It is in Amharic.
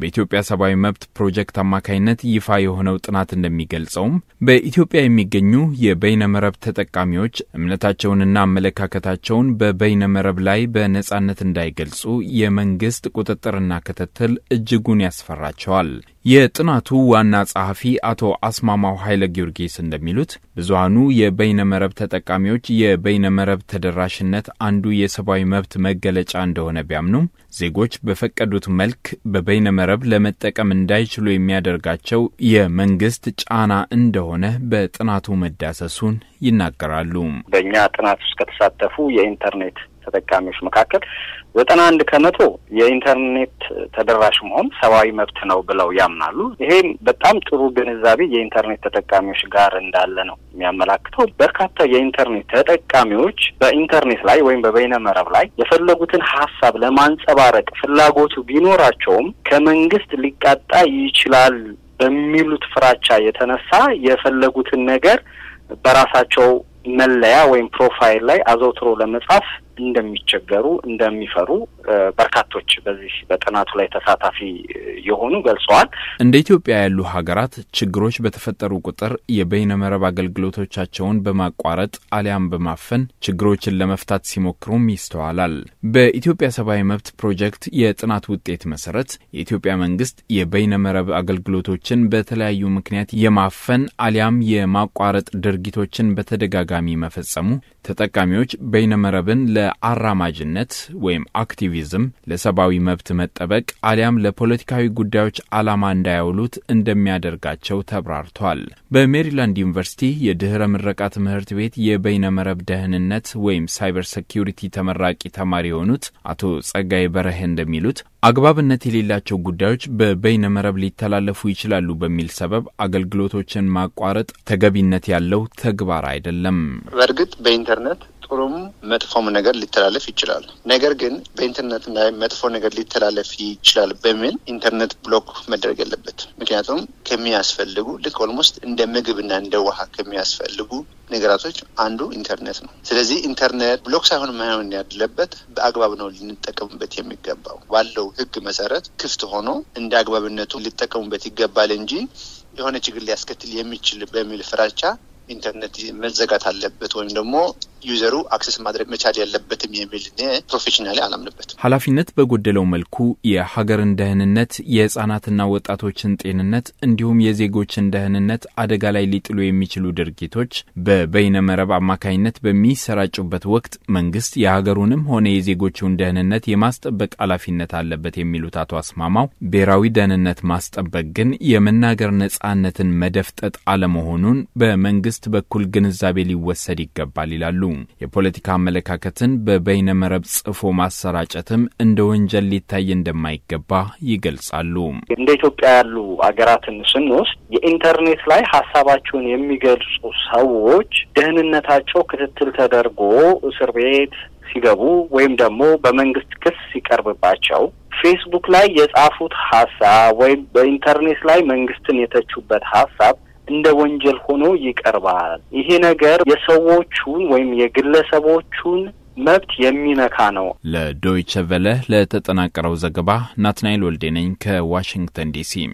በኢትዮጵያ ሰብአዊ መብት ፕሮጀክት አማካይነት ይፋ የሆነው ጥናት እንደሚገልጸውም በኢትዮጵያ የሚገኙ የበይነ መረብ ተጠቃሚዎች እምነታቸውንና አመለካከታቸውን በበይነ መረብ ላይ በነጻነት እንዳይገልጹ የመንግስት ቁጥጥርና ክትትል እጅጉን ያስፈራቸዋል። የጥናቱ ዋና ጸሐፊ አቶ አስማማው ኃይለ ጊዮርጊስ እንደሚሉት ብዙሃኑ የበይነ መረብ ተጠቃሚዎች የበይነ መረብ ተደራሽነት አንዱ የሰብአዊ መብት መገለጫ እንደሆነ ቢያምኑም ዜጎች በፈቀዱት መልክ በበይነ መረብ ለመጠቀም እንዳይችሉ የሚያደርጋቸው የመንግስት ጫና እንደሆነ በጥናቱ መዳሰሱን ይናገራሉ። በእኛ ጥናት ውስጥ ከተሳተፉ የኢንተርኔት ተጠቃሚዎች መካከል ዘጠና አንድ ከመቶ የኢንተርኔት ተደራሽ መሆን ሰብአዊ መብት ነው ብለው ያምናሉ። ይሄም በጣም ጥሩ ግንዛቤ የኢንተርኔት ተጠቃሚዎች ጋር እንዳለ ነው የሚያመላክተው። በርካታ የኢንተርኔት ተጠቃሚዎች በኢንተርኔት ላይ ወይም በበይነ መረብ ላይ የፈለጉትን ሀሳብ ለማንጸባረቅ ፍላጎቱ ቢኖራቸውም ከመንግስት ሊቃጣ ይችላል በሚሉት ፍራቻ የተነሳ የፈለጉትን ነገር በራሳቸው መለያ ወይም ፕሮፋይል ላይ አዘውትሮ ለመጻፍ እንደሚቸገሩ እንደሚፈሩ በርካቶች በዚህ በጥናቱ ላይ ተሳታፊ የሆኑ ገልጸዋል። እንደ ኢትዮጵያ ያሉ ሀገራት ችግሮች በተፈጠሩ ቁጥር የበይነመረብ አገልግሎቶቻቸውን በማቋረጥ አሊያም በማፈን ችግሮችን ለመፍታት ሲሞክሩም ይስተዋላል። በኢትዮጵያ ሰብአዊ መብት ፕሮጀክት የጥናት ውጤት መሰረት የኢትዮጵያ መንግስት የበይነመረብ አገልግሎቶችን በተለያዩ ምክንያት የማፈን አሊያም የማቋረጥ ድርጊቶችን በተደጋጋሚ መፈጸሙ ተጠቃሚዎች በይነመረብን ለ ለአራማጅነት ወይም አክቲቪዝም፣ ለሰብአዊ መብት መጠበቅ አሊያም ለፖለቲካዊ ጉዳዮች ዓላማ እንዳያውሉት እንደሚያደርጋቸው ተብራርቷል። በሜሪላንድ ዩኒቨርሲቲ የድኅረ ምረቃ ትምህርት ቤት የበይነመረብ ደህንነት ወይም ሳይበር ሴኪሪቲ ተመራቂ ተማሪ የሆኑት አቶ ጸጋይ በረሄ እንደሚሉት አግባብነት የሌላቸው ጉዳዮች በበይነመረብ ሊተላለፉ ይችላሉ በሚል ሰበብ አገልግሎቶችን ማቋረጥ ተገቢነት ያለው ተግባር አይደለም። በእርግጥ በኢንተርኔት ጥሩም መጥፎም ነገር ሊተላለፍ ይችላል። ነገር ግን በኢንተርኔት ላይ መጥፎ ነገር ሊተላለፍ ይችላል በሚል ኢንተርኔት ብሎክ መደረግ ያለበት ምክንያቱም ከሚያስፈልጉ ልክ ኦልሞስት እንደ ምግብና እንደ ውሃ ከሚያስፈልጉ ነገራቶች አንዱ ኢንተርኔት ነው። ስለዚህ ኢንተርኔት ብሎክ ሳይሆን መሆን ያለበት በአግባብ ነው ልንጠቀምበት የሚገባው። ባለው ሕግ መሰረት ክፍት ሆኖ እንደ አግባብነቱ ሊጠቀሙበት ይገባል እንጂ የሆነ ችግር ሊያስከትል የሚችል በሚል ፍራቻ ኢንተርኔት መዘጋት አለበት ወይም ደግሞ ዩዘሩ አክሰስ ማድረግ መቻል ያለበትም የሚል ፕሮፌሽናሊ አላምንበትም። ኃላፊነት በጎደለው መልኩ የሀገርን ደህንነት፣ የህጻናትና ወጣቶችን ጤንነት እንዲሁም የዜጎችን ደህንነት አደጋ ላይ ሊጥሉ የሚችሉ ድርጊቶች በበይነመረብ አማካኝነት በሚሰራጩበት ወቅት መንግስት የሀገሩንም ሆነ የዜጎቹን ደህንነት የማስጠበቅ ኃላፊነት አለበት የሚሉት አቶ አስማማው ብሔራዊ ደህንነት ማስጠበቅ ግን የመናገር ነጻነትን መደፍጠጥ አለመሆኑን በመንግስት በኩል ግንዛቤ ሊወሰድ ይገባል ይላሉ። የፖለቲካ አመለካከትን በበይነ መረብ ጽፎ ማሰራጨትም እንደ ወንጀል ሊታይ እንደማይገባ ይገልጻሉ። እንደ ኢትዮጵያ ያሉ አገራትን ስንወስድ የኢንተርኔት ላይ ሀሳባቸውን የሚገልጹ ሰዎች ደህንነታቸው ክትትል ተደርጎ እስር ቤት ሲገቡ ወይም ደግሞ በመንግስት ክስ ሲቀርብባቸው ፌስቡክ ላይ የጻፉት ሀሳብ ወይም በኢንተርኔት ላይ መንግስትን የተቹበት ሀሳብ እንደ ወንጀል ሆኖ ይቀርባል። ይሄ ነገር የሰዎቹን ወይም የግለሰቦቹን መብት የሚነካ ነው። ለዶይቸ ቨለ ለተጠናቀረው ዘገባ ናትናኤል ወልዴ ነኝ ከዋሽንግተን ዲሲ